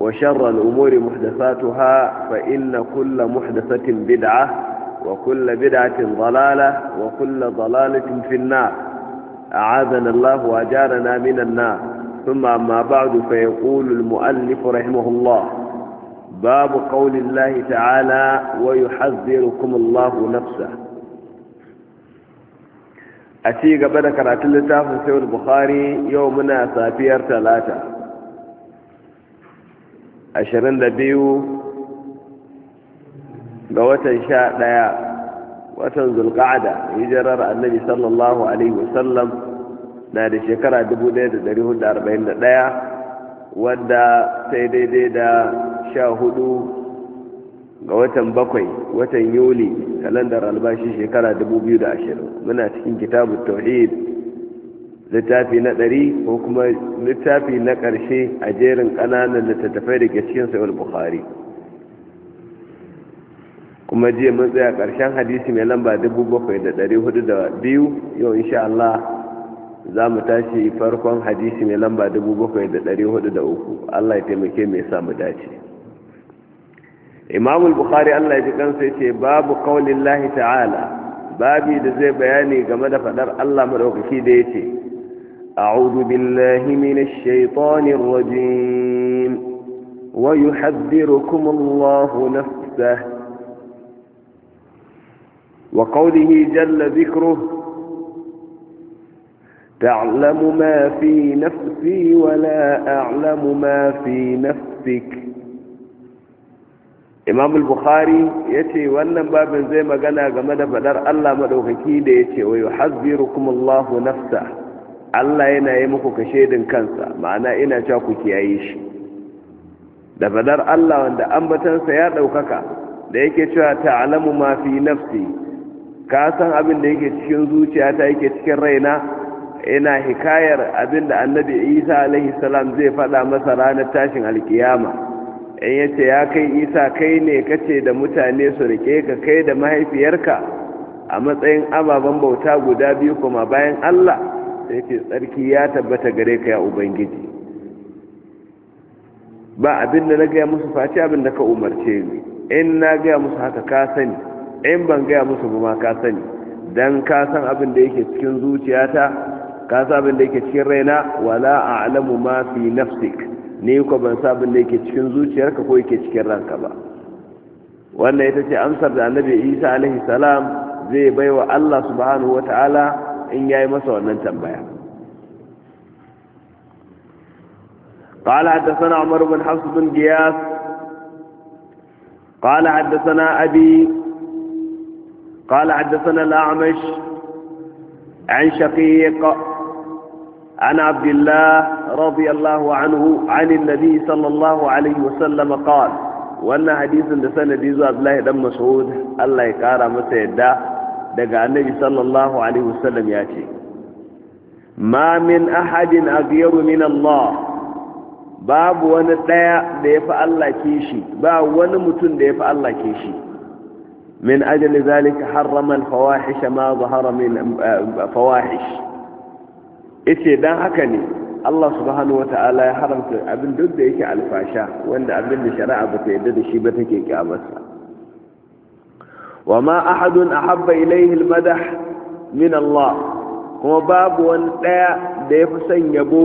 وشر الأمور محدثاتها فإن كل محدثة بدعة وكل بدعة ضلالة وكل ضلالة في النار أعاذنا الله وأجارنا من النار ثم أما بعد فيقول المؤلف رحمه الله باب قول الله تعالى ويحذركم الله نفسه أتي قبل كرات في سيد البخاري يومنا سافير ثلاثة ashirin da biyu ga watan sha ɗaya watan zulƙa'ada hijirar annabi sallallahu alaihi wasallam na da shekara 1441 wadda sai daidai da sha hudu ga watan bakwai watan yuli kalandar albashi shekara 2020 muna cikin kitabu tauhid littafi na ɗari ko kuma littafi na ƙarshe a jerin ƙananan littattafai da ke cikin sayar bukhari kuma jiya mun tsaya ƙarshen hadisi mai lamba dubu biyu yau insha Allah za mu tashi farkon hadisi mai lamba dubu da Allah ya taimake mai samu dace imamul bukhari Allah ya ji kansa ya ce babu kawalin ta'ala babi da zai bayani game da faɗar Allah maɗaukaki da ya ce أعوذ بالله من الشيطان الرجيم ويحذركم الله نفسه وقوله جل ذكره تعلم ما في نفسي ولا أعلم ما في نفسك إمام البخاري يتي ولن باب زي ما قال الله مدوهكي يتي ويحذركم الله نفسه Allah yana yi muku ka shaidin kansa ma'ana ina cewa ku kiyaye shi da fadar Allah wanda ambatansa ya ɗaukaka da yake cewa ta'lamu ma fi nafsi ka san abin da yake cikin zuciyata yake cikin raina ina hikayar abin da annabi isa alaihi salam zai faɗa masa ranar tashin alkiyama in ya ce ya kai isa kai ne kace da mutane su rike ka kai da mahaifiyarka a matsayin ababen bauta guda biyu kuma bayan allah sai ce tsarki ya tabbata gare ka ya ubangiji ba abin da na gaya musu face abin da ka umarce ni in na gaya musu haka ka sani in ban gaya musu ba ma ka sani dan ka san abin da yake cikin zuciyata ka san abin da yake cikin raina wala a a'lamu ma fi nafsik ne ko ban san abin da yake cikin zuciyarka ko yake cikin ranka ba wannan ita ce amsar da annabi Isa alaihi salam zai baiwa Allah subhanahu wataala إن جاي masa wannan تنبيع قال حدثنا عمر بن حفص بن جياس قال حدثنا أبي قال حدثنا الأعمش عن شقيق عن عبد الله رضي الله عنه عن النبي صلى الله عليه وسلم قال وأن حديث لسنة ديزو عبد الله دم مسعود الله يقارى متى daga annabi sallallahu alaihi wasallam ya ce ma min ahadin aghyaru min Allah babu wani daya da yafi Allah kishi ba wani mutum da yafi Allah kishi min ajli zalika harrama al-fawahish ma zahara min eh, fawahish ite dan haka ne Allah subhanahu wata'ala ya haramta abin duk da yake alfasha wanda abin da shari'a ba ta yarda da shi ba take kyamarsa wama ahadun ahabba ilayhi almadah min Allah kuma babu wani daya da yafi son yabo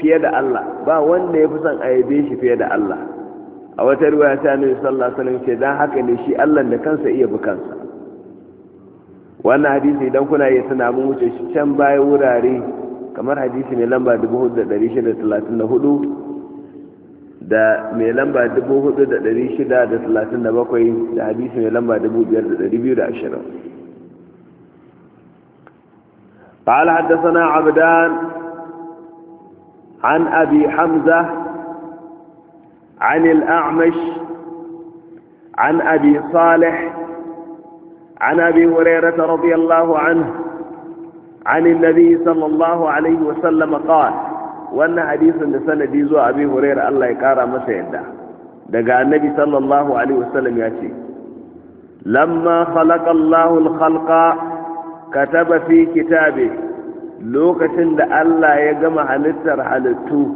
fiye da Allah ba wanda fi son a yabe shi fiye da Allah a wata riwaya ta nuna sallallahu alaihi wasallam ce dan haka ne shi Allah da kansa iya bi kansa wannan hadisi idan kuna yi suna mun wuce shi can baya wurare kamar hadisi mai lamba 4634 da mai lamba 4,637 da hadisi mai lamba 5,220 قال حدثنا عبدان عن أبي حمزة عن الأعمش عن أبي صالح عن أبي هريرة رضي الله عنه عن النبي صلى الله عليه وسلم قال wannan hadisin da sanadi zuwa abi huraira Allah ya kara masa yadda daga annabi sallallahu alaihi wasallam ya ce lamma khalaqa Allahu al-khalqa kataba fi kitabi lokacin da Allah ya gama halittar halittu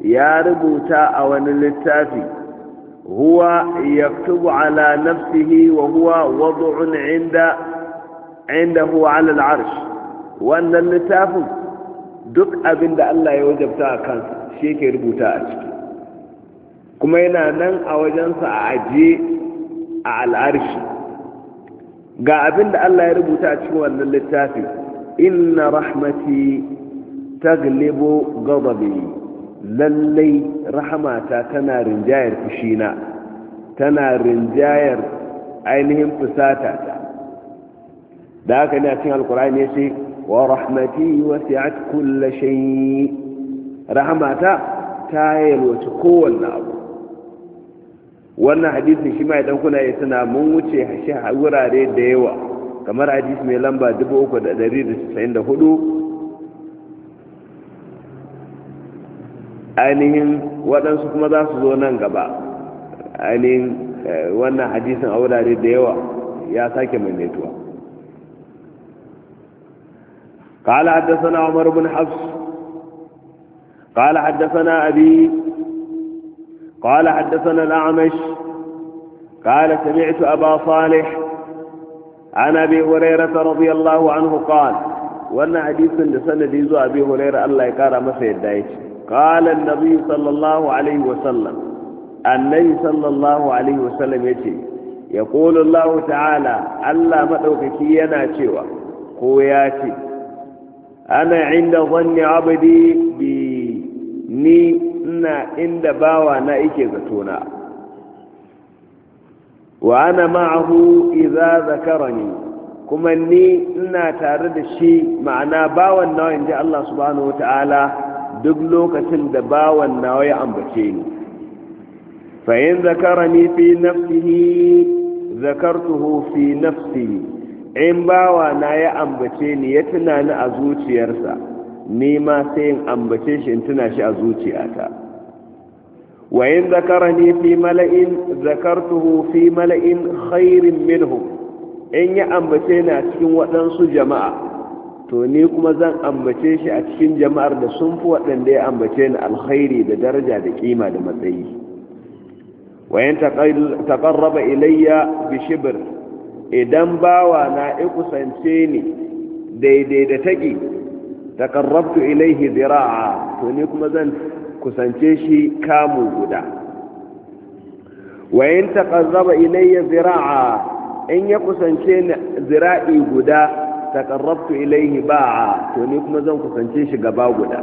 ya rubuta a wani littafi huwa yaktubu ala nafsihi wa huwa wad'un inda indahu ala al-arsh wannan littafin duk abin da Allah ya wajabta a kansa shi yake rubuta a ciki kuma yana nan a wajensa a ajiye a al'arshi ga abin da Allah ya rubuta a cikin wannan littafi inna rahmati taglibu ghadabi lallai rahmata tana rinjayar fushina tana rinjayar ainihin fusata da haka ne a cikin alkur'ani ya ce ورحمتي وسعت كل شيء رحمتا تايل نعم wannan hadisin shi mai dan kuna yi suna mun wuce shi a wurare da yawa kamar hadisi mai lamba 3,194 ainihin waɗansu kuma za su zo nan gaba ainihin wannan hadisin a wurare da yawa ya sake maimaituwa قال حدثنا عمر بن حفص قال حدثنا أبي قال حدثنا الأعمش قال سمعت أبا صالح عن أبي هريرة رضي الله عنه قال وأن حديث لسنة ديزو أبي هريرة الله يقارى مسيد دايش قال النبي صلى الله عليه وسلم النبي صلى الله عليه وسلم يتي يقول الله تعالى ألا مدوكك ينا شوى قوياتي ana inda zanni abadi bi ni ina inda bawa na yake zatona wa ana ma'ahu idza zakarani kuma ni ina tare da shi ma'ana bawan nawa ji Allah subhanahu duk lokacin da bawan nawa ya ambace ni fa in zakarani fi nafsihi zakartuhu fi nafsihi in bawa na ya ambace ni ya tunani a zuciyarsa ni ma sai in ambace shi in tuna shi a zuciyata wa in zakarani fi mala'in zakartuhu fi mala'in khairin minhum in ya ambace ni a cikin waɗansu jama'a to ni kuma zan ambace shi a cikin jama'ar da sun fi waɗanda ya ambace ni alkhairi da daraja da kima da matsayi wa in taqarraba ilayya bi shibr idan bawa na ikusance kusance ni daidai da taƙi taƙarrabtu ilaihi zira'a to ni kuma zan kusance shi kamu guda wayin taƙarraba ilaihi zira'a in ya kusance ni zira'i guda taƙarrabtu ilaihi ba'a to ni kuma zan kusance shi gaba guda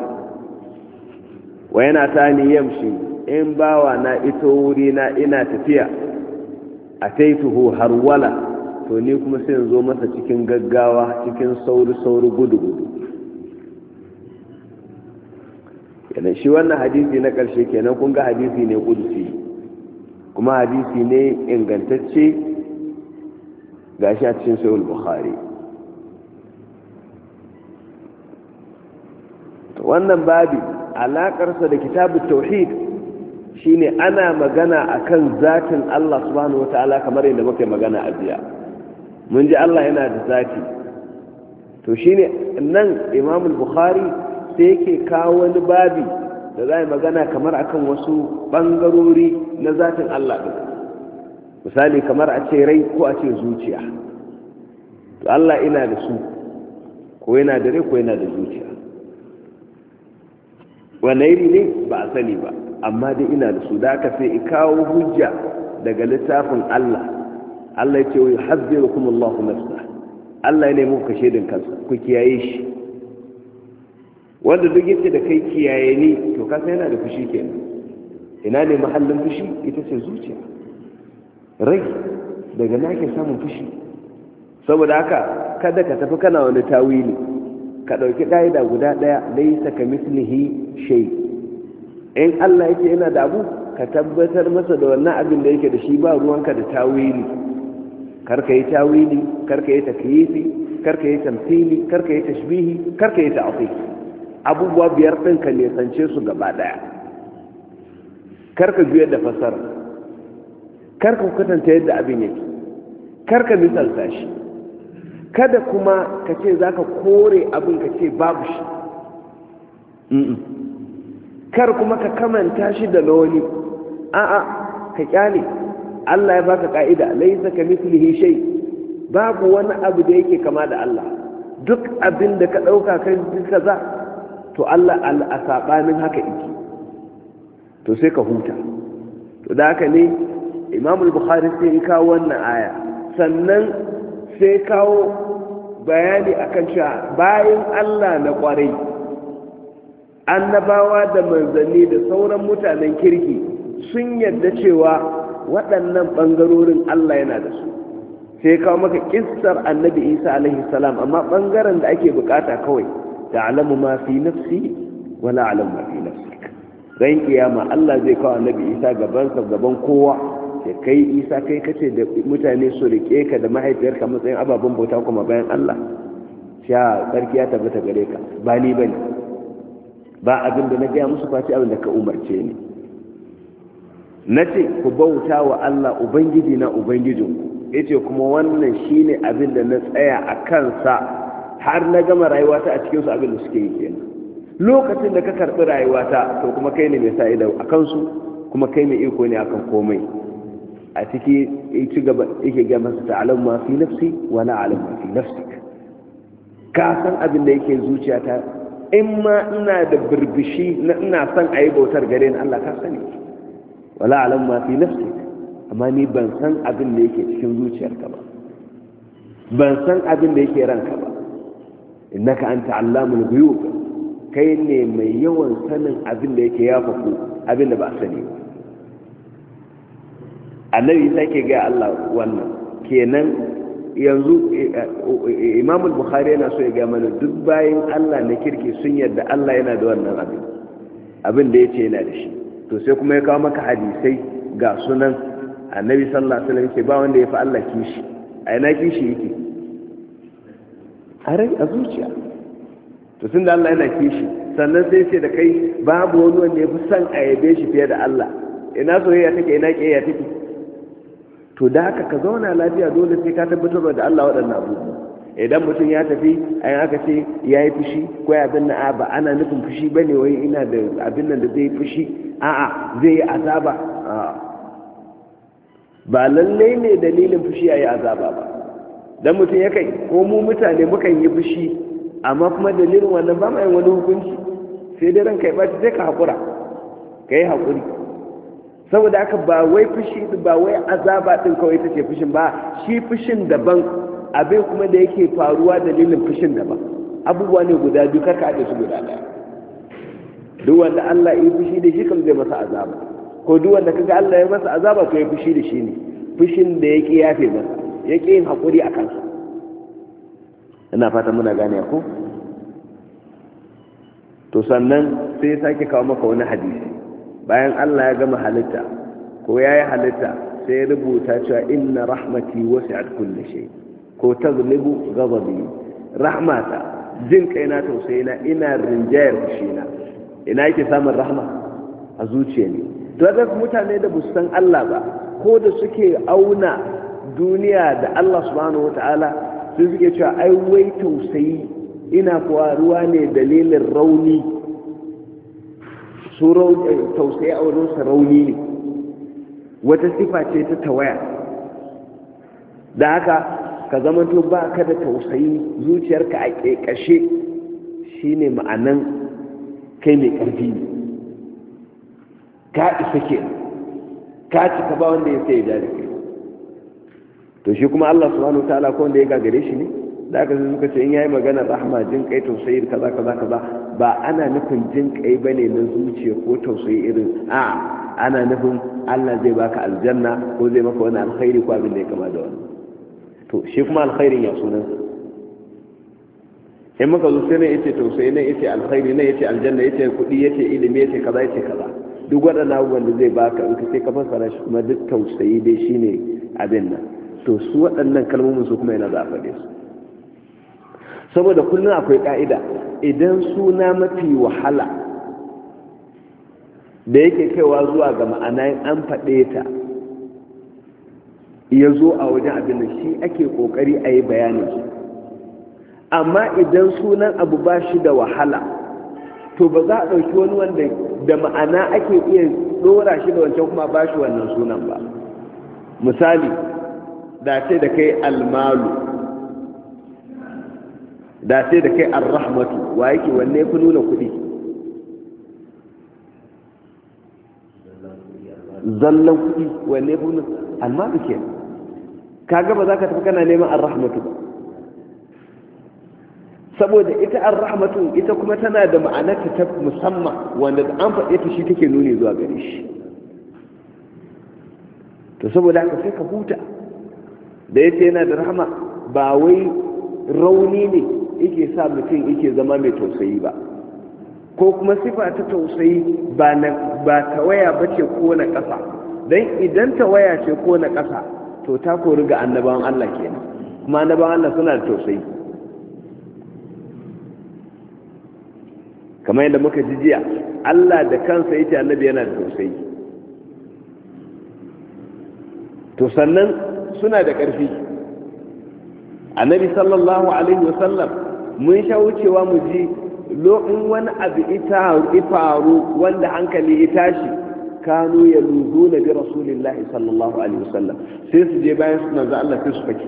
wayana ta ni yamshi in bawa na ito wuri na ina tafiya a taituhu harwala to ni kuma sai zo masa cikin gaggawa cikin sauri-sauri gudu-gudu kenan shi wannan hadisi na ƙarshe kenan kun ga hadisi ne kudusi kuma hadisi ne ingantacce ga shi a cikin sayul bukhari wannan babi alaƙarsa da kitabu tauhid shine ana magana akan zatin Allah subhanahu wataala kamar yadda muka magana a jiya mun ji Allah yana da zafi to shi ne nan Imam al-Bukhari sai yake kawo wani babi da za magana kamar akan wasu bangarori na zatin Allah din misali kamar a ce rai ko a ce zuciya to Allah ina da su ko yana da rai ko yana da zuciya wane iri ne ba a sani ba amma dai ina da su da aka sai kawo hujja daga littafin Allah Allah ya ce wa kuma Allahu nafsa Allah ya nemi kashe din kansa ku kiyaye shi wanda duk yake da kai kiyaye ni to kasa yana da fushi kenan ina ne mahallin fushi ita ce zuciya rai daga na ke samun fushi saboda haka kada ka tafi kana wani tawili ka ɗauki da guda ɗaya laisa ka mislihi shay in Allah yake yana da abu ka tabbatar masa da wannan abin da yake da shi ba ruwanka da tawili karka yi tawili karka yi takyifi karka yi tamthili karka yi tashbihi karka yi ta'til abubuwa biyar din ka ne sance su gaba daya karka juyar da fasar karka kwatanta yadda abin yake karka misalta shi kada kuma ka ce za ka kore abin ka ce babu shi kar kuma ka kamanta shi da lawani a'a ka kyale Allah ya baka ka'ida laisa ka mislihi shay babu wani abu da yake kama da Allah duk abin da ka dauka kai kaza to Allah a min haka yake to sai ka huta to da haka ne Imam al-Bukhari sai ya kawo wannan aya sannan sai kawo bayani akan cewa bayan Allah na kwarai annabawa da manzanni da sauran mutanen kirki sun yadda cewa waɗannan ɓangarorin Allah yana da su sai kawo maka kissar annabi isa alaihi salam amma ɓangaren da ake bukata kawai da alamu ma fi nafsi wala alamu ma fi nafsi ran kiyama Allah zai kawo annabi isa sa gaban kowa ya kai isa kai kace da mutane su rike ka da mahaifiyarka matsayin ababen bauta kuma bayan Allah sha sarki ya tabbata gare ka ba ni bane ba abin da na gaya musu face abin da ka umarce ni na ce ku bauta wa Allah ubangiji na ubangijin ya ce kuma wannan shi ne abin da na tsaya a kansa har na gama rayuwata a cikinsu abin da suke yi kenan lokacin da ka karɓi rayuwata to kuma kai ne mai sa ido a kansu kuma kai mai iko ne akan komai a ciki ci gaba yake ga masa ta'alam ma fi nafsi wa la alam ma fi nafsik ka san abin da yake zuciyata in ma ina da burbushi na ina son ayi bautar gare ni Allah ka sani wala alam ma fi nafsi amma ni ban san abin da yake cikin zuciyarka ba ban san abin da yake ranka ba innaka anta allamul ghuyub kai ne mai yawan sanin abin da yake yafa ku abin da ba sani ba annabi sai ke ga Allah wannan kenan yanzu eh, eh, eh, imam al-bukhari yana so ya ga mana duk bayan Allah na kirki sun yarda Allah yana da wannan abin abin da yace yana da shi to sai kuma ya kawo maka hadisai ga sunan annabi sallallahu alaihi wasallam ke ba wanda ya fi Allah kishi a ina kishi yake a a zuciya to tunda da Allah yana kishi sannan sai sai da kai babu wani wanda ya fi son a yabe shi fiye da Allah ina soyayya take ina kiyayya take to da haka ka zauna lafiya dole sai ka tabbatar da Allah waɗannan abubuwa idan mutum ya tafi yi aka ce ya yi fushi ko ya bin na ba ana nufin fushi ba ne wai ina da abin nan da zai fushi a'a zai yi azaba ba lallai ne dalilin fushi ya yi azaba ba don mutum ya kai ko mu mutane mukan yi fushi amma kuma dalilin wannan ba mai wani hukunci sai dai ranka ya ɓaci sai ka haƙura ka yi haƙuri saboda haka ba wai fushi ba wai azaba ɗin kawai ta ce fushin ba shi fushin daban abin kuma da yake faruwa dalilin fushin da ba abubuwa ne guda biyu ka da su guda ɗaya duk wanda Allah ya fushi da shi kan zai masa azaba ko duk wanda kaga Allah ya masa azaba to ya fushi da shi ne fushin da yake yafe masa yake yin hakuri a kansa ina fata muna gane ko to sannan sai ya sake kawo maka wani hadisi bayan Allah ya gama halitta ko ya yi halitta sai ya rubuta cewa inna rahmati wasi'at kulli shay'in ko taglibu Rahma rahmata jin kaina tausayina ina rinjayar fushina ina yake samun rahma a zuciya ne to mutane da san Allah ba ko da suke auna duniya da Allah subhanahu wataala sai suke cewa ai wai tausayi ina ruwa ne dalilin rauni su eh, tausayi a wurinsa rauni ne wata sifa ce ta tawaya da haka ka zamanto ba ka da tausayi zuciyarka a ƙeƙashe shi ne ma'anan kai mai ƙarfi ne ka isa ke ka ka ba wanda ya sai ya da kai to shi kuma Allah subhanahu wa ta'ala ko wanda ya gagare shi ne da aka zai suka ce in yayi magana rahama jin kai tausayi kaza kaza kaza ba ana nufin jin kai ba ne na zuciya ko tausayi irin a ana nufin Allah zai baka aljanna ko zai maka wani alkhairi ko abin da ya kama da wani to shi kuma alkhairin ya sunan in muka zo sai na yace to sai na yace alkhairi na yace aljanna yace kudi yace ilimi yace kaza yace kaza duk waɗannan abubuwan da zai baka in ka sai ka fassara shi kuma duk tausayi dai shine abin nan to su waɗannan kalmomin su kuma yana za a faɗe su saboda kullum akwai ka'ida idan suna mafi wahala da yake kaiwa zuwa ga ma'ana an faɗe ta ya zo a wajen abin da shi ake kokari a yi bayanin su amma idan sunan abu ba shi da wahala to ba za a ɗauki wani wanda da ma'ana ake iya ɗora shi da wancan kuma ba shi wannan sunan ba misali da ce da kai almalu da ce da kai arrahmatu wa yake wanne ya fi nuna kuɗi zallan kuɗi wanne ya fi nuna almalu kenan kaga ba za ka tafi kana neman ar-rahmatu ba saboda ita ar-rahmatu ita kuma tana da ma'anarta ta musamman wanda an faɗe ta shi take nuni zuwa gare shi to saboda haka sai ka huta da yace yana da rahama ba wai rauni ne yake sa mutum yake zama mai tausayi ba ko kuma sifa ta tausayi ba waya ba ce ko na ƙasa don idan tawaya ce ko na ƙasa to ta kori ga annabawan Allah kenan kuma annabawan Allah suna da tausayi kamar yadda muka ji jiya Allah da kansa yake annabi yana da tausayi to sannan suna da ƙarfi annabi sallallahu alaihi wasallam mun sha wucewa mu ji in wani abu ita faru wanda hankali ya tashi kanu ya luzu na bi rasulillahi sallallahu alaihi wasallam sai su je bayan suna manzo Allah sai su fake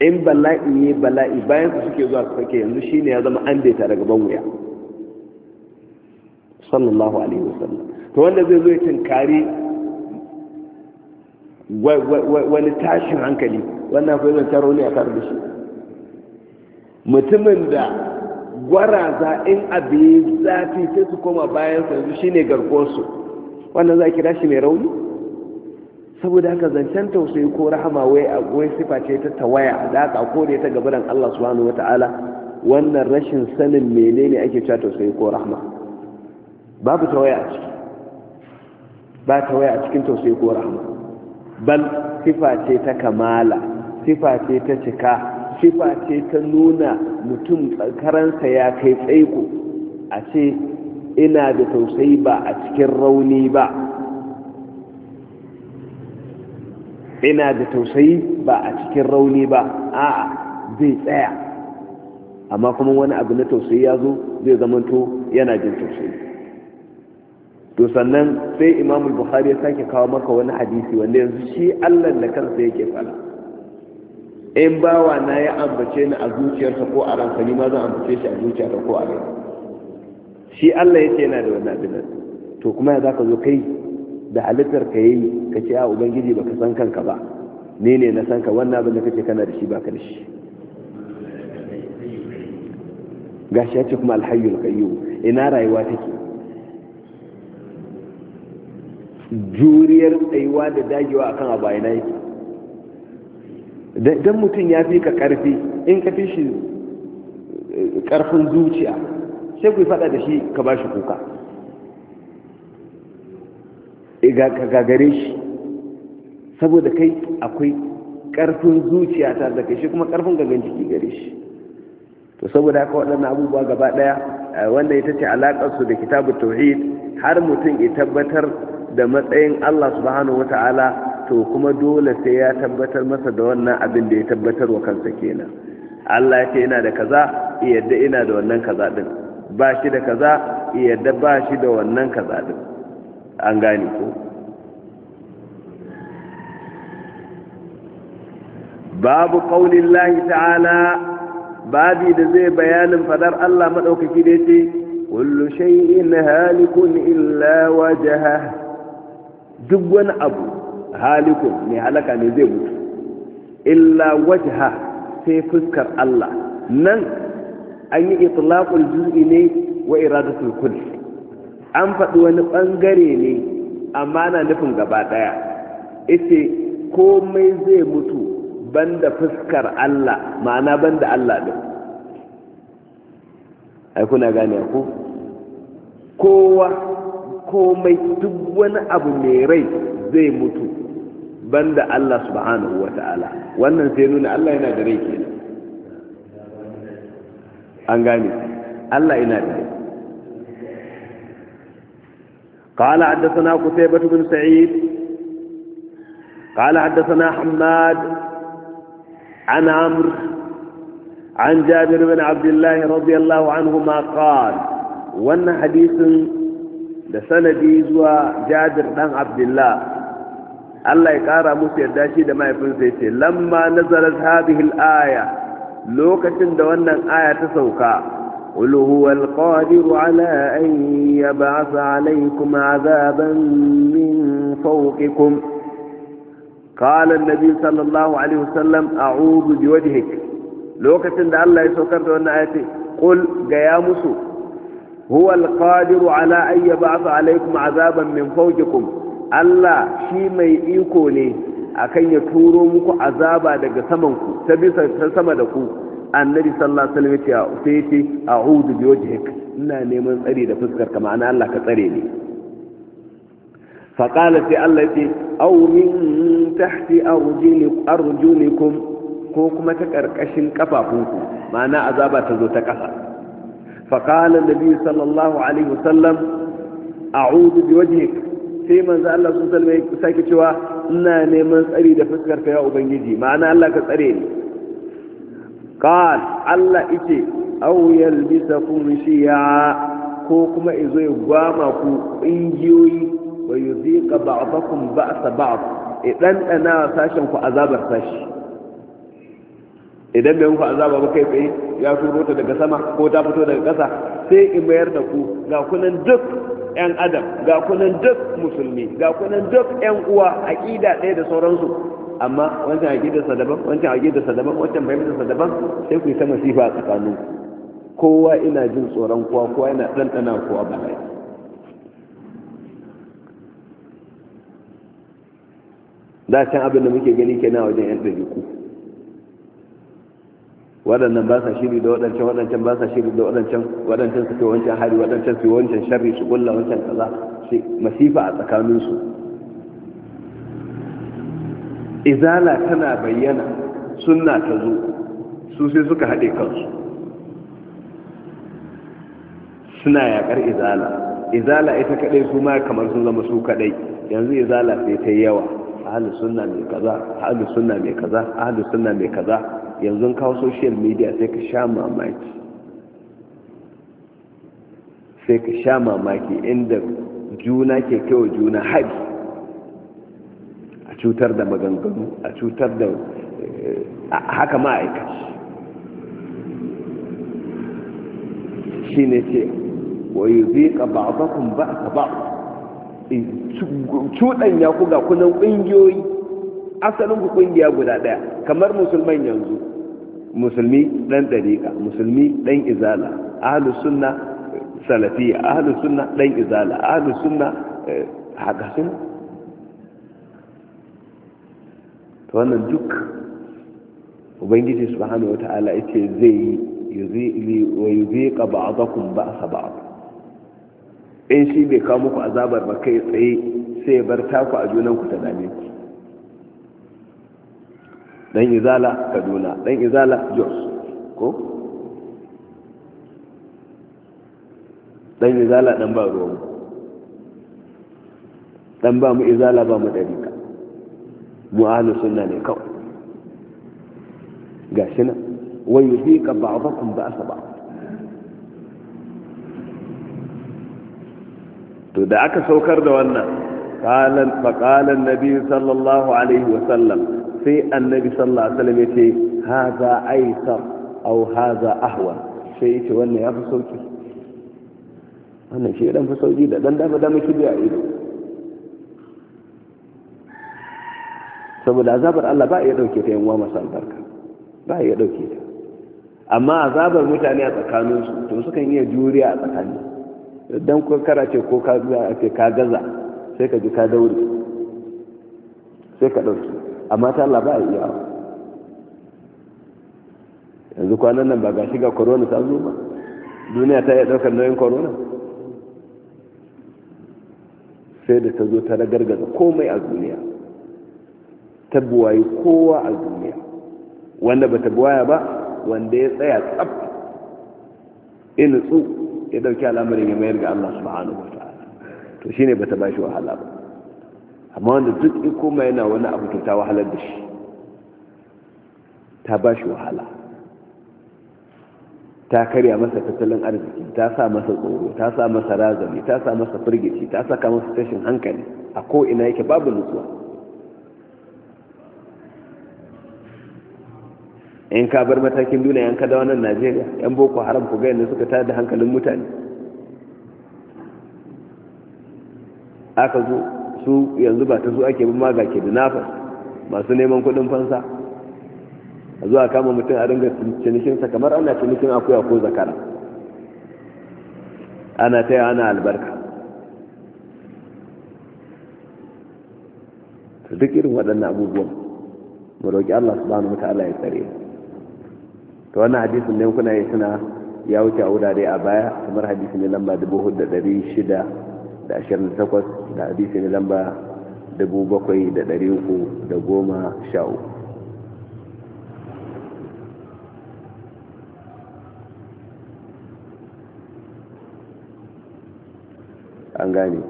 in bala'i ne bala'i bayan su suke zuwa su fake yanzu shine ya zama an daita daga ban wuya sallallahu alaihi wasallam to wanda zai zo ya tinkari wani tashin hankali wannan akwai zan taro ne a kar da shi mutumin da gwaraza in abu yi zafi sai su koma bayan shi shine garkonsu wannan za kira shi mai rauni saboda haka zancen tausayi ko rahama wai a wai sifa ce ta tawaya da aka kore ta gabaran Allah subhanahu wataala wannan rashin sanin menene ake cewa tausayi ko rahama babu tawaya a ciki ba tawaya a cikin tausayi ko rahama bal sifa ce ta kamala sifa ce ta cika sifa ce ta nuna mutum karansa ya kai tsaiko a ce ina da tausayi ba a cikin rauni ba ina da tausayi ba a cikin rauni ba a'a zai tsaya amma kuma wani abu na tausayi ya zo zai zamanto yana jin tausayi to sannan sai imamul bukhari ya sake kawo maka wani hadisi wanda yanzu shi allah da kansa yake fara in bawa na ya ambace ni a zuciyarsa ko a ransa ni ma zan ambace shi a zuciyarsa ko a ransa shi Allah yake yana da wannan abin to kuma ya zaka zo kai da halittar ka yayi ka ce a ubangiji baka san kanka ba ne ne na san ka wannan abin da kace kana da shi baka da shi gashi ya ce kuma alhayyul qayyum ina rayuwa take juriyar tsayuwa da dagewa akan abu yake don mutum ya fi ka karfi in ka fi shi karfin eh, zuciya sai ku faɗa da shi ka ba shi kuka eh, ka gagare shi saboda kai akwai karfin zuciya ta da kai shi kuma karfin gagan jiki gare shi to saboda haka waɗannan abubuwa gaba ɗaya eh, wanda ita ce alaƙarsu da kitabu tauhid har mutum ya tabbatar da matsayin allah subhanahu wa to kuma dole sai ya tabbatar masa da wannan abin da ya tabbatar wa kansa kenan Allah ya ce ina da kaza yadda ina da wannan kaza din ba shi da kaza yadda ba shi da wannan kaza din an gane ko babu ƙaunin lahi ta'ala babi da zai bayanin fadar Allah madaukaki da yace kullu shay'in halikun illa wajha duk wani abu halikun mai halaka ne zai mutu illa wajha sai fuskar Allah nan an yi itlaqul juz'i ne wa iradatul kull an faɗi wani ɓangare ne amma na nufin gaba ɗaya ita komai zai mutu banda fuskar Allah ma'ana banda Allah ɗin ai kuna gane ku kowa komai duk wani abu mai rai zai mutu banda الله سبحانه وتعالى وانا wannan sai nuna Allah yana da rai kenan an gane قال حدثنا قتيبة بن سعيد قال حدثنا حماد عن عمرو عن جابر بن عبد الله رضي الله عنهما قال وان حديث لسندي زوى جابر بن عبد الله Allah ya kara musu yarda shi da mahaifinsa ya ce lamma nazarat hadhihi al-aya lokacin da wannan aya ta sauka qul huwa al-qadiru ala an yab'atha alaykum 'adaban min fawqikum qala an-nabi sallallahu alaihi wasallam a'udhu biwajhik lokacin da Allah ya saukar da wannan aya ce qul ga ya musu huwa al-qadiru ala an yab'atha alaykum 'adaban min fawqikum Allah shi mai iko ne a kan ya turo muku azaba daga saman ku ta bisa ta sama da ku annabi sallallahu alaihi wasallam sai ce a'udhu bi wajhik ina neman tsare da fuskar ka ma'ana Allah ka tsare ni fa qala sai Allah yace aw min tahti arjulikum ko kuma ta karkashin kafafunku ma'ana azaba ta zo ta kasa qala nabi sallallahu alaihi wasallam a'udhu bi wajhik sai manzo Allah sun salme ya sake cewa ina neman tsari da fuskar ka ya ubangiji ma'ana Allah ka tsare ni qal Allah ice aw yalbisakum shi'a ko kuma izo ya gwama ku ingiyoyi wa yudhiqa ba'dakum ba'sa ba'd idan dana sashen ku azabar sashi idan bai muku azaba ba kai tsaye ya turo ta daga sama ko ta fito daga ƙasa sai in mayar da ku ga kunan duk yan adam ga kunan duk musulmi ga kunan duk yan uwa aqida ɗaya da sauransu amma wancan aqida sa daban wancan aqida sa daban wancan sa daban sai ku yi ta masifa a tsakanin kowa ina jin tsoron kowa kowa yana ɗanɗana kowa ba da can abin da muke gani kenan wajen yan ɗari waɗannan ba sa shiri da waɗancan waɗancan ba sa shiri da waɗancan waɗancan su wancan hari waɗancan su wancan sharri su kulla wancan kaza su masifa a tsakaninsu izala tana bayyana sunna ta zo su sai suka haɗe kansu suna yaƙar izala izala ita kaɗai su ma kamar sun zama su kaɗai yanzu izala sai ta yawa ahalus sunna mai kaza ahalus sunna mai kaza ahalus sunna mai kaza yanzu kawo social media sai ka sha mamaki sai ka sha mamaki inda juna ke kewa juna hari a cutar da maganganu a cutar da eh, haka ma'aikaci shi ne ce wayo zai zika ba ba kun ba ka ba cuɗanya ku ga kunan ƙungiyoyi asalin ku ƙungiya guda ɗaya kamar musulman yanzu musulmi dan dariqa musulmi dan izala ahlus sunna salafiya ahlus sunna dan izala ahlus sunna eh, haka to wannan duk ubangiji subhanahu wataala yace zai yi wa yuziqa ba'dakum ba'sa ba'd in shi bai kawo muku azabar ba kai tsaye sai bar taku a junan ku ta dame ku dan izala kaduna dan izala jos ko dan izala dan ba ruwan dan ba mu izala ba mu dariƙa mu ahlus sunna ne kawai gashi nan wa yuzika ba'dakum ba'sa ba'd to da aka saukar da wannan قال فقال النبي صلى الله عليه وسلم sai annabi sallallahu alaihi wasallam yace haza aisa aw haza ahwa sai yace wannan ya fi sauki wannan shi dan fi sauki da dan dama dama kibi a ido saboda azabar Allah ba ya dauke ta yanwa masa masu albarka ba ya dauke ta amma azabar mutane a tsakaninsu to sukan iya juriya a tsakani don ko kara ce ko ka gaza sai ka ji ka daure sai ka dauki. amma ta Allah ba a iya yanzu kwanan nan ba ga shiga corona ta zo ba duniya ta iya daukar nauyin corona sai da ta zo ta ragargaza komai a duniya ta kowa a duniya wanda ba ta buwaya ba wanda ya tsaya tsab ina tsu ya ɗauki al'amarin ya mayar ga Allah subhanahu wa ta'ala to shine ba ta bashi wahala ba amma wanda duk in koma yana wani abu ta ta wahalar da shi ta ba shi wahala ta karya masa tattalin arziki ta sa masa tsoro ta sa masa razami ta sa masa firgici ta saka masa tashin hankali a ko'ina yake babu nutsuwa in ka bar matakin duniya yan kada wannan najeriya yan boko haram ku ga suka tare da hankalin mutane aka zo su yanzu ba ta su ake bin maga ke da nafas masu neman kudin fansa a zuwa kama mutum a ringa cinikinsa kamar ana cinikin akuya ko zakara ana taya ana albarka duk irin waɗannan abubuwan mu roƙi Allah subhanahu allah ya tsare Ta wannan hadisin ne kuna yi suna ya wuce a wurare a baya kamar hadisun ne lamba 4600 da ashirin da takwas da hadisi na lamba dubu bakwai da ɗari uku da goma sha uku an gane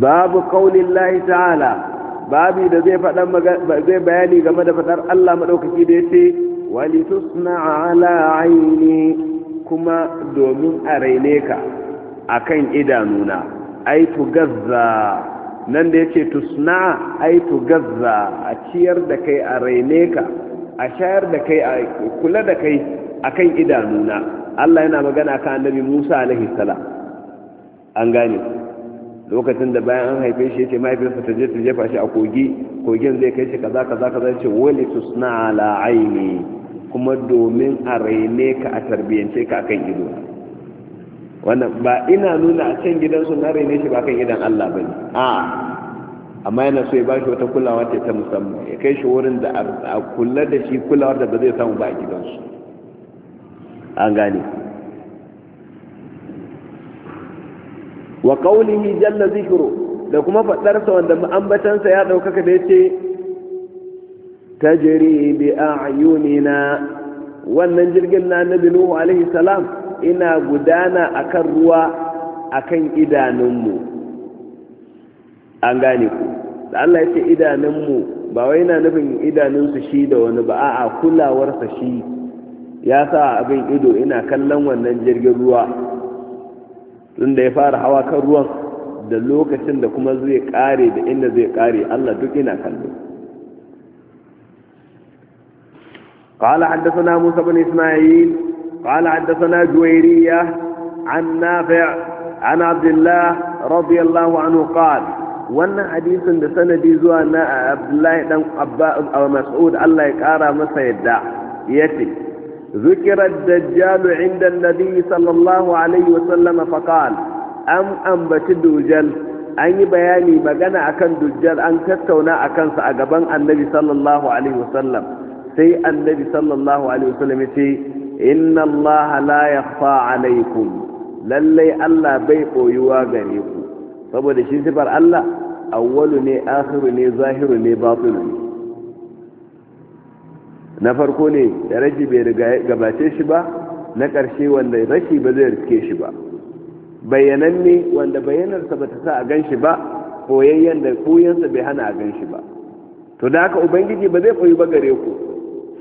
babu kaunin lahi ta'ala babi da zai zai bayani game da faɗar allah maɗaukaki da ya ce walitusna ala aini kuma domin a raine ka a kan idanuna ai tu gazza nan da ya ce tusna ai tu gazza a ciyar da kai a raine ka a shayar da kai a kula da kai a kan idanuna allah yana magana kan annabi musa alaihi salam an gane lokacin da bayan an haife shi ya ce mahaifinsa ta je ta jefa shi a kogi kogin zai kai shi kaza kaza kaza wali tusna ala aini kuma domin a raine ka a tarbiyyance ka akan ido wannan ba ina nuna a can gidansu na raine shi ba kan idan Allah ba ne a amma yana so ya ba shi wata kulawa ce ta musamman ya kai shi wurin da a kula da shi kulawar da ba zai samu ba a gidansu an gane wa qawlihi jalla zikru da kuma fadarsa wanda ambatansa ya daukaka da yace tajri bi a'yunina wannan jirgin na nabi nuhu alaihi salam ina gudana akan ruwa akan idanunmu an gane ku da Allah ya ce idanunmu ba wai yana nufin idanunsu shi da wani ba a'a kulawarsa shi ya sa abin ido ina kallon wannan jirgin ruwa tun da ya fara hawa kan ruwan da lokacin da kuma zai kare da inda zai kare Allah duk ina kallo قال حدثنا موسى بن إسماعيل قال حدثنا جويرية عن نافع عن عبد الله رضي الله عنه قال wannan hadisin da sanadi zuwa na abdullahi dan mas'ud Allah ya kara masa yadda ya ce zukirar dajjalu inda nabi sallallahu alaihi wasallam faqal an ambaci dujjal an yi bayani magana akan dujjal an tattauna akan sa a gaban annabi sallallahu alaihi sai annabi sallallahu alaihi wasallam ce inna allaha la yakhfa alaikum lallai allah bai koyuwa gare ku saboda shi sifar allah awwalu ne akhiru ne zahiru ne batilu ne na farko ne da rashi bai gabace shi ba na ƙarshe wanda rashi ba zai rike shi ba bayanan ne wanda bayanarsa ba ta sa a gan shi ba koyayyen da koyansa bai hana a gan shi ba to da haka ubangiji ba zai koyi ba gare ku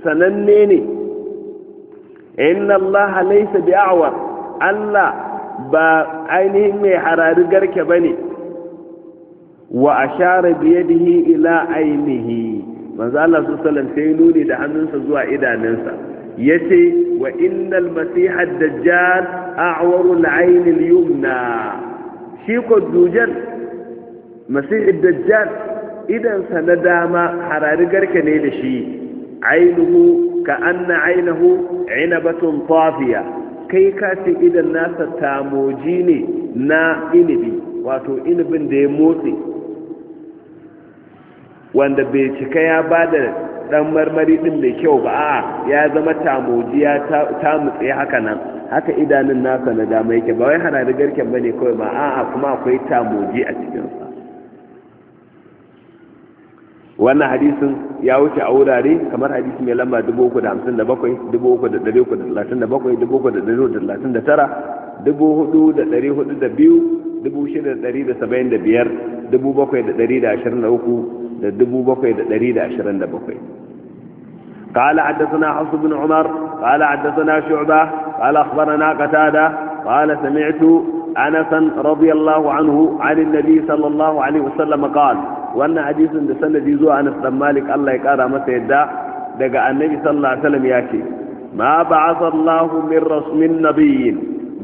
sananne ne inna Allah laysa bi'awar Allah ba ainihin mai harari garke bane wa a bi yadihi ila ainihi manzo Allah sallallahu alaihi nuni da hannunsa zuwa idanunsa yace wa innal masiha da Jan a'waru al-ayn yumna shi ko dujal masih da Jan idan sa na dama harari garke ne da shi عينه كأن عينه عنبة طافية kai ka idon nasa tamoji ne na inibi wato inibin da ya motsi wanda bai cika ya ba da dan marmari ɗin mai kyau ba a'a ya zama tamoji ya tamutse haka nan haka idanun nasa na dama yake ba wai hana da garken bane kawai ba a'a kuma akwai tamoji a cikinsa wannan hadisin ya wuce a wurare kamar hadisi mai lamba 357 337 339 4402 6475 7223 da 7227 قال حدثنا حفص بن عمر قال حدثنا شعبة قال أخبرنا قتادة قال سمعت أنسا رضي الله عنه عن النبي صلى الله عليه وسلم قال wannan hadisin da sanadi zuwa Anas dan Malik Allah ya kara masa yadda daga Annabi sallallahu alaihi wasallam ya ma ba'atha Allahu min rasmin nabiyyin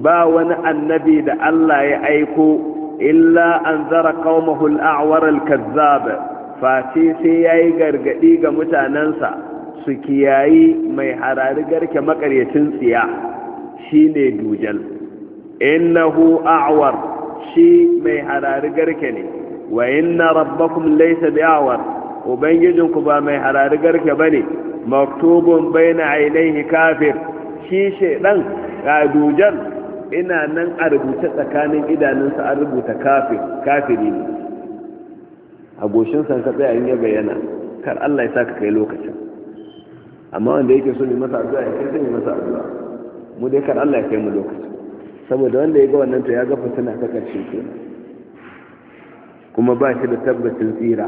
ba wani annabi da Allah ya aiko illa anzara qaumahu al-a'war al-kazzab fati sai yayi gargadi ga mutanansa su kiyayi mai harari garke makaryacin tsiya shine dujal innahu a'war shi mai harari garke ne wa inna rabbakum laysa bi'awar ku ba mai harari garke bane maktubun baina ainihi kafir shi dan kadujan ina nan a rubuce tsakanin idanunsa an rubuta kafir kafiri ne a goshin san ka tsaya in ya bayyana kar Allah ya saka kai lokacin amma wanda yake so ne masa addu'a ya so ne masa addu'a mu dai kar Allah ya kai mu lokacin saboda wanda ya ga wannan to ya ga fitina ta karshe kenan kuma ba shi da tabbacin tsira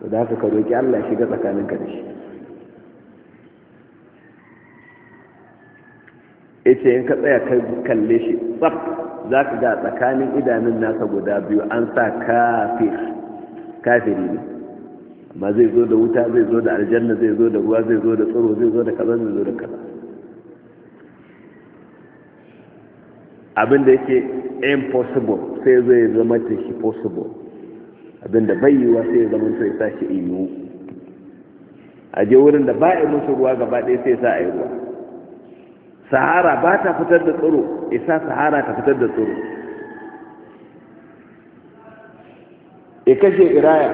to da haka ka roƙi Allah shiga tsakaninka da shi Ita in ka tsaya ka kalle shi tsaf za ka ga tsakanin idanun nasa guda biyu an sa kafir kafiri ne amma zai zo da wuta zai zo da aljanna zai zo da ruwa zai zo da tsoro zai zo da kaza zai zo da kaza abin da yake impossible sai zai zama ta shi possible abinda bai sai ya zama ta yi shi yiwu a je wurin da ba a musu ruwa gaba ɗaya sai sa a yi ruwa sahara ba ta fitar da tsoro isa sahara ta fitar da tsoro ya kashe iraya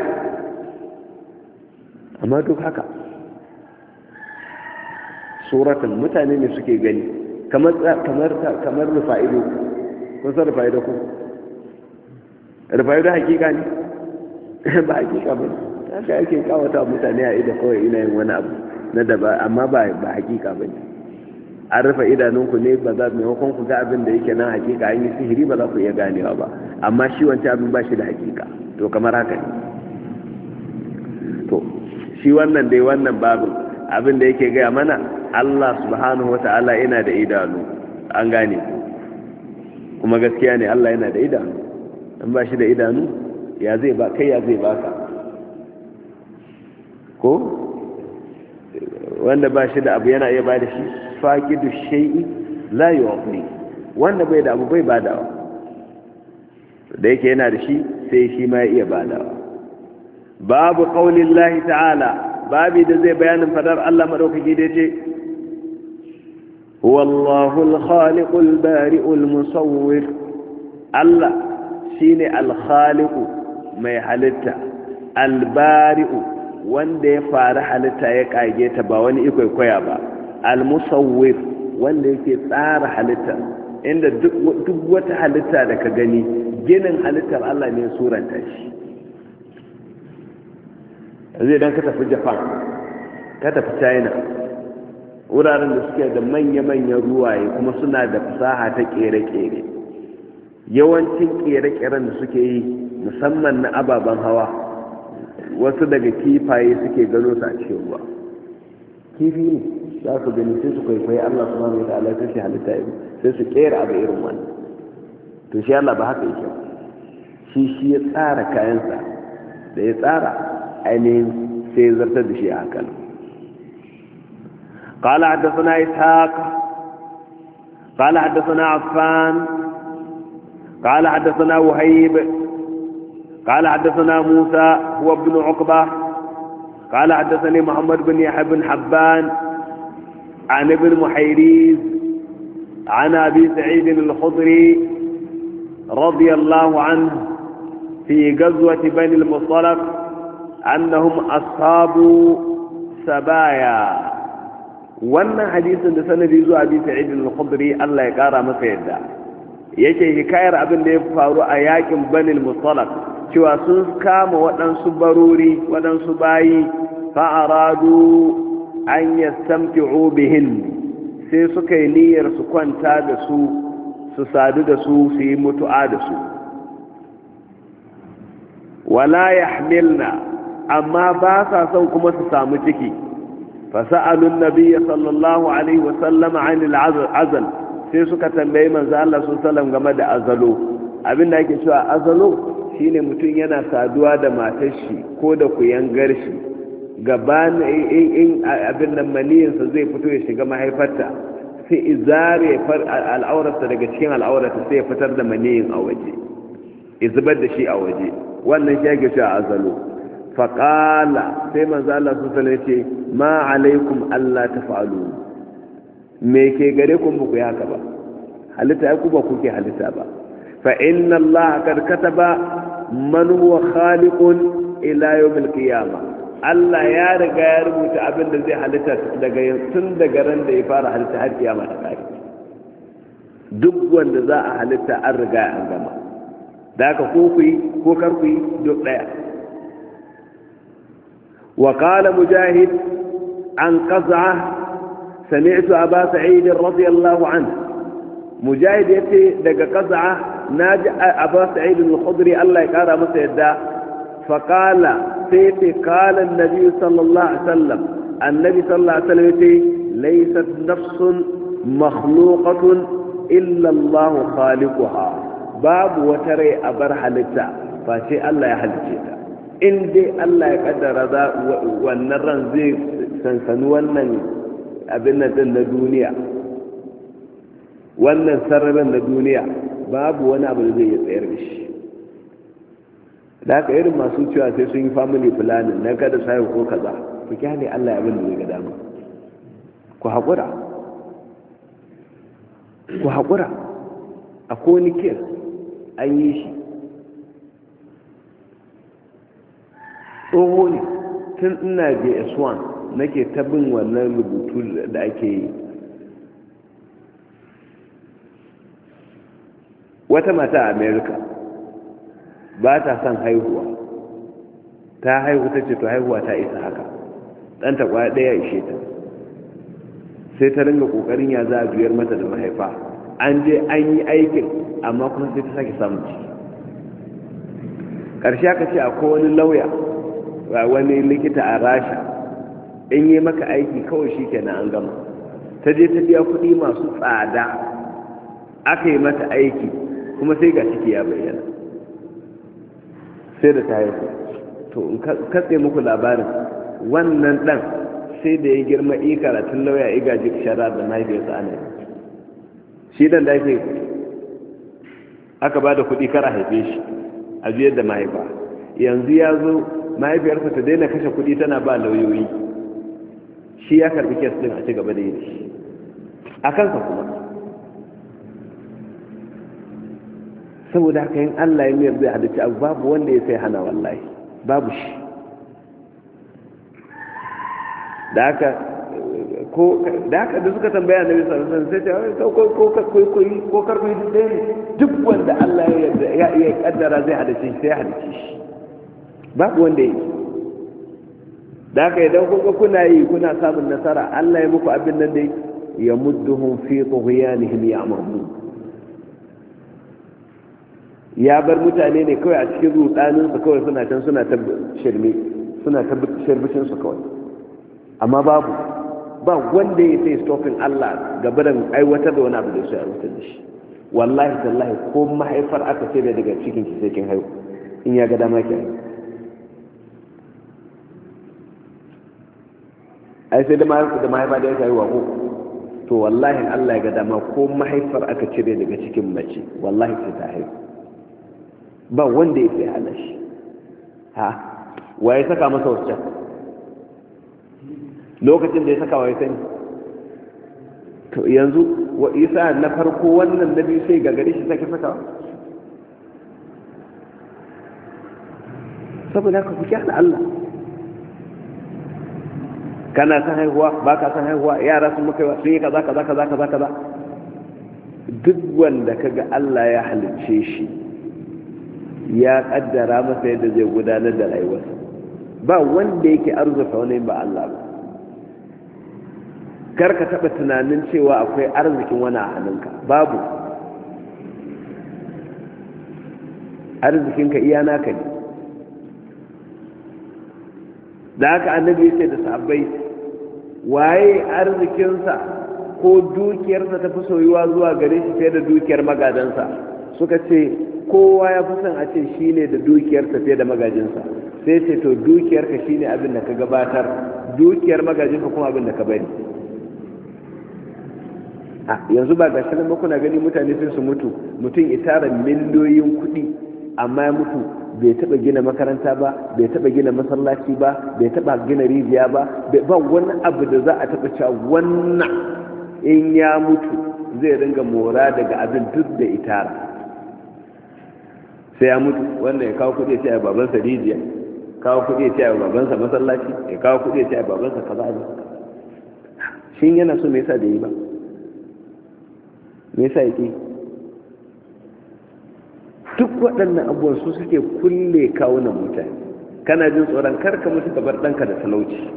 amma duk haka suratan mutane ne suke gani kamar ido kun san rufa'i da ku rufa'i da hakika ne ba hakika ba haka yake kawata mutane a ido kawai ina yin wani abu na daba amma ba ba hakika ba ne an rufe idanunku ne ba za hukun ku ga abin da yake nan hakika an yi sihiri ba za ku iya ganewa ba amma shi wancan abin ba shi da hakika to kamar haka ne to shi wannan dai wannan babin abin da yake gaya mana allah subhanahu wa ta'ala ina da idanu an gane ku kuma gaskiya ne Allah yana da idanu in ba shi da idanu ya zai ba kai ya zai ba ka ko wanda ba shi da abu yana iya ba da shi faƙidu shai'i la ne wanda bai da abu bai badawa da yake yana da shi sai shi ma ya iya badawa babu ƙaunin lahi ta'ala babi da zai bayanin fadar Allah madaukaki da ce هو الله الخالق البارئ المصور الله شيني الخالق mai halitta albari'u wanda ya fara halitta ya kage ta ba wani ikwaikwaya ba almusawir wanda yake tsara halitta inda duk wata halitta da ka gani ginin halittar Allah ne suranta shi zai dan ka tafi Japan ka tafi China wuraren da suke da manya-manyan ruwaye kuma suna da fasaha ta kere-kere yawancin kere-keren da suke yi musamman na ababen hawa wasu daga kifaye suke gano su a cikin ruwa kifi ne za su gani sai su kwaikwayi allah su mamaye ta ala sai halitta yi sai su kera abu irin wani to shi allah ba haka yake shi shi ya tsara kayansa da ya tsara ainihin sai ya zartar da shi a hakan قال حدثنا إسحاق قال حدثنا عفان قال حدثنا وهيب قال حدثنا موسى هو ابن عقبة قال حدثني محمد بن يحيى بن حبان عن ابن محيريز عن أبي سعيد الخضري رضي الله عنه في غزوة بني المصطلق أنهم أصابوا سبايا wannan hadisin da sanadi zuwa bi sa'id al-khudri Allah ya kara masa yadda yake hikayar abin da ya faru a yakin banin mustalaq cewa sun kama waɗansu barori waɗansu bayi aradu an yastamti'u bihin sai suka yi niyyar su kwanta da su su sadu da su su yi mutu'a da su wala yahmilna amma ba sa son kuma su samu ciki فسألوا النبي صلى الله عليه وسلم عن العزل sai suka tambayi manzo Allah sun sallam game da azalo abin da ake cewa azalo shine mutum yana saduwa da matar shi ko da kuyan garshi. gaban in abin nan maniyinsa zai fito ya shiga mahaifarta sai izare al'aurata daga cikin al'aurata, sai ya fitar da maniyin a waje izubar da shi a waje wannan shi ake cewa azalo faƙala sai manzo Allah su ma alaikum Allah ta fa'alu me ke gare ku muku haka ba halitta ya ku ba kuke halitta ba fa inna Allah kad kataba man huwa khaliqun ila yawmil qiyamah Allah ya riga ya rubuta abin da zai halitta daga tun daga ran da ya fara halitta har kiyama ta kare duk wanda za a halitta an riga an gama da haka ko ku yi ko kar ku yi duk ɗaya وقال مجاهد عن قزعة سمعت أبا سعيد رضي الله عنه مجاهد يتي دق قزعة ناجع أبا سعيد الخضري الله يقارى مسعدا فقال سيتي قال النبي صلى الله عليه وسلم النبي صلى الله عليه وسلم يتي ليست نفس مخلوقة إلا الله خالقها باب وتري أبر حلتا فشي الله يحلتها in dai Allah ya kaddara za wannan ran zai sansanu wannan abin nan din na duniya wannan sararin na duniya babu wani abu da zai yi tsayar da shi da haka irin masu cewa sai sun yi family planning na kada sayo ko kaza ku kyale Allah ya abin da zai ga dama ku haƙura ku haƙura a ni kes an yi shi tsoho ne tun ina js1 nake ta bin wannan rubutu da ake yi wata mata a america ba ta son haihuwa ta haihu ta ce to haihuwa ta isa haka ɗanta kwaya ɗaya ishe ta sai ta ringa ƙoƙarin ya za a juyar mata da mahaifa an je an yi aikin amma kuma sai ta sake samun ciki ƙarshe aka ce a kowane lauya ba wani likita a rasha in yi maka aiki kawai shi ke na an gama ta je ta biya kuɗi masu tsada aka yi mata aiki kuma sai ga ciki ya bayyana sai da ta yi to in katse muku labarin wannan ɗan sai da ya girma i karatun lauya iga jik shara da mahaifiyarsa ana yi shi ɗan da ake aka ba da kuɗi kara haife shi a biyar da mahaifa yanzu ya zo mahaifiyarsa ta daina kashe kuɗi tana ba lauyoyi shi ya karbi kes din a ci gaba da yi shi a kansa kuma saboda haka yin allah ya miyar zai halitta abu babu wanda ya sai hana wallahi babu shi da haka da haka da suka tambaya na bisa sun sai ta ko ko ko ko ko duk wanda Allah ya kaddara zai hadace shi sai hadace shi babu wanda yake da haka idan kuka kuna yi kuna samun nasara Allah ya muku abin nan dai ya mudduhum fi tughyanihim ya'mamun ya bar mutane ne kawai a cikin rudanin su kawai suna can suna ta shirme suna ta shirbishin su kawai amma babu ba wanda ya sai stopping Allah gaba da aiwatar da wani abu da shi a rutar da shi wallahi tallahi ko mahaifar aka sai daga cikin ki sai kin haihu in ya ga dama ki ai sai da mahaifa da ya sayi wako to wallahi Allah ya ga dama ko mahaifar aka cire daga cikin mace wallahi sai ta haihu ba wanda ya fi hana shi ha waye saka masa wancan lokacin da ya saka waye sani to yanzu wa isa na farko wannan na biyu sai gagare shi sake saka saboda ka fi kyana Allah kana san haihuwa ba ka san haihuwa yara sun wa sun yi kaza kaza kaza kaza kaza duk wanda kaga Allah ya halicce shi ya kaddara masa yadda zai gudanar da rayuwar ba wanda yake arzuta wani ba Allah ba kar ka taɓa tunanin cewa akwai arzikin wani a hannunka babu arzikinka iya naka ne da haka annabi ya ce da sahabbai waye arzikinsa ko dukiyarsa ta fi soyuwa zuwa gare shi fiye da dukiyar magadansa suka ce kowa ya fi son a ce shi ne da dukiyarsa fiye da magajinsa sai ce to dukiyarka shi ne abin da ka gabatar dukiyar magajinka kuma abin da ka bari yanzu ba ga shirin kuna gani mutane sun su mutu mutum itara miliyoyin kuɗi amma ya mutu bai taba gina makaranta ba bai taba gina masallaci ba bai taba gina rijiya ba ba wani abu da za a taba cewa wannan in ya mutu zai ringa mora daga abin duk da itara sai ya mutu wannan ya kawo kudi ya a babansa rijiya kawo kudi ya ce a babansa masallaci ya kawo kudi ya ce a babansa kaza ne shin yana so me yasa da yi ba me yasa yake duk waɗannan abubuwan su suke kulle kawunan mutane kana jin tsoron karka mutu ka bar ɗanka da talauci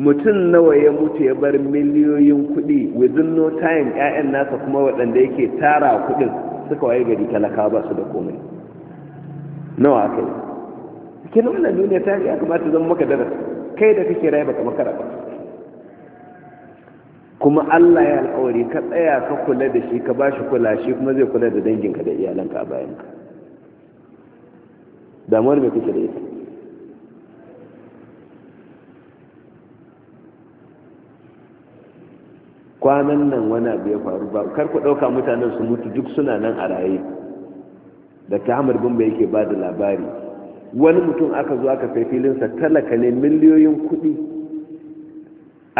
mutum nawa ya mutu ya bar miliyoyin kuɗi within no time ƴaƴan nasa kuma waɗanda yake tara kuɗin suka waye gari talaka ba su da komai nawa aka yi kina wannan duniya ta ya kamata zan maka darasi kai da kake raye baka makara ba kuma Allah ya alƙawari ka tsaya ka kula da shi ka bashi kula shi kuma zai kula da danginka da iyalanka a bayanka damuwar mai kuke da ita kwanan nan wani abu ya faru ba kar ku ɗauka mutanen su mutu duk suna nan a raye da kamar bin bai yake ba da labari wani mutum aka zo aka sai filinsa talaka ne miliyoyin kuɗi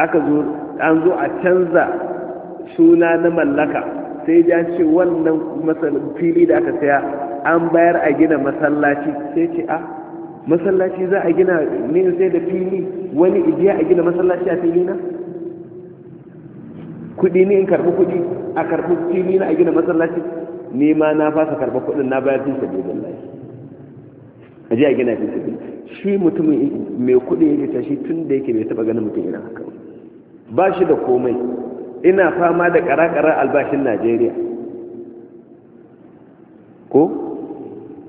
aka zo an zo a canza suna na mallaka sai ya ce wannan fili da aka saya an bayar a gina masallaci sai ce a ah, masallaci za a gina ne sai da fili wani ijiya a gina masallaci a fili na kudi ne in karbi kudi a karbi fili na a gina masallaci ne ma na fasa karba kudin na bayar fi sabi da lai a ji a gina fi sabi shi mutumin mai kudi ya ta shi tun da yake bai taba ganin mutum ina haka ba shi da komai ina fama da karakarar albashin najeriya ko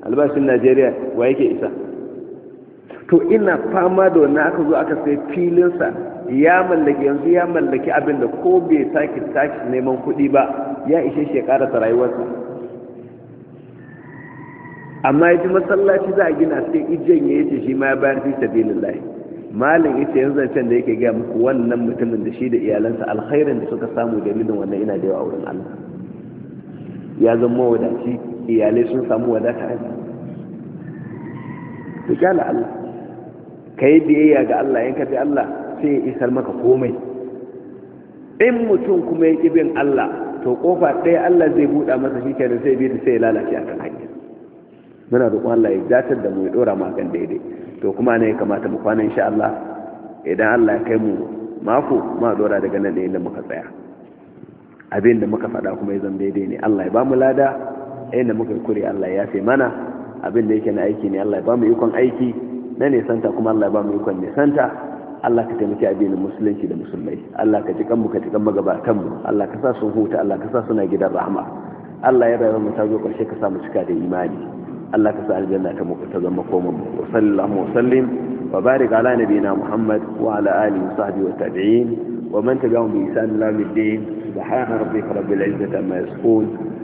albashin najeriya wa yake isa to ina fama da wani aka zo aka sai filinsa ya mallaki yanzu ya mallaki abin da ko bai sake tashi neman kuɗi ba ya ishe shi ya rayuwarsa amma ya ji masallaci za a gina sai ijiyar ya yace shi ma ya bayar fi sabilin layi malin ita yanzu can da yake gaya muku wannan mutumin da shi da iyalansa alkhairin da suka samu dalilin wannan ina da yawa a wurin allah ya zama wadaci iyalai sun samu wadata a ku kyala Allah ka yi biyayya ga Allah in ka bi Allah sai ya isar maka komai in mutum kuma ya bin Allah to kofa ɗaya Allah zai buɗa masa shi kenan sai bi sai ya lalace a kan hanyar muna roƙon Allah ya datar da mu ya ɗora mu daidai to kuma ne ya kamata mu kwana insha Allah idan Allah ya kai mu mako ma ɗora daga nan da muka tsaya abin da muka faɗa kuma ya zama daidai ne Allah ya ba mu lada inda muka kure Allah ya fi mana abin da yake na aiki ne Allah ya ba mu ikon aiki na nisanta kuma Allah ya ba mu ikon nisanta Allah ka taimaki abin musulunci da musulmai Allah ka ji kanmu ka ji kan magabatan mu Allah ka sa sun huta Allah ka sa suna gidan rahama Allah ya rayuwar mu ta zo karshe ka sa mu cika da imani Allah ka sa aljanna ta mu ta zama koman mu wa sallallahu wa sallim wa barik ala nabiyina Muhammad wa ala alihi wa sahbihi wa tabi'in ومن تبعهم بإحسان الله الدين سبحان ربك رب العزة عما يصفون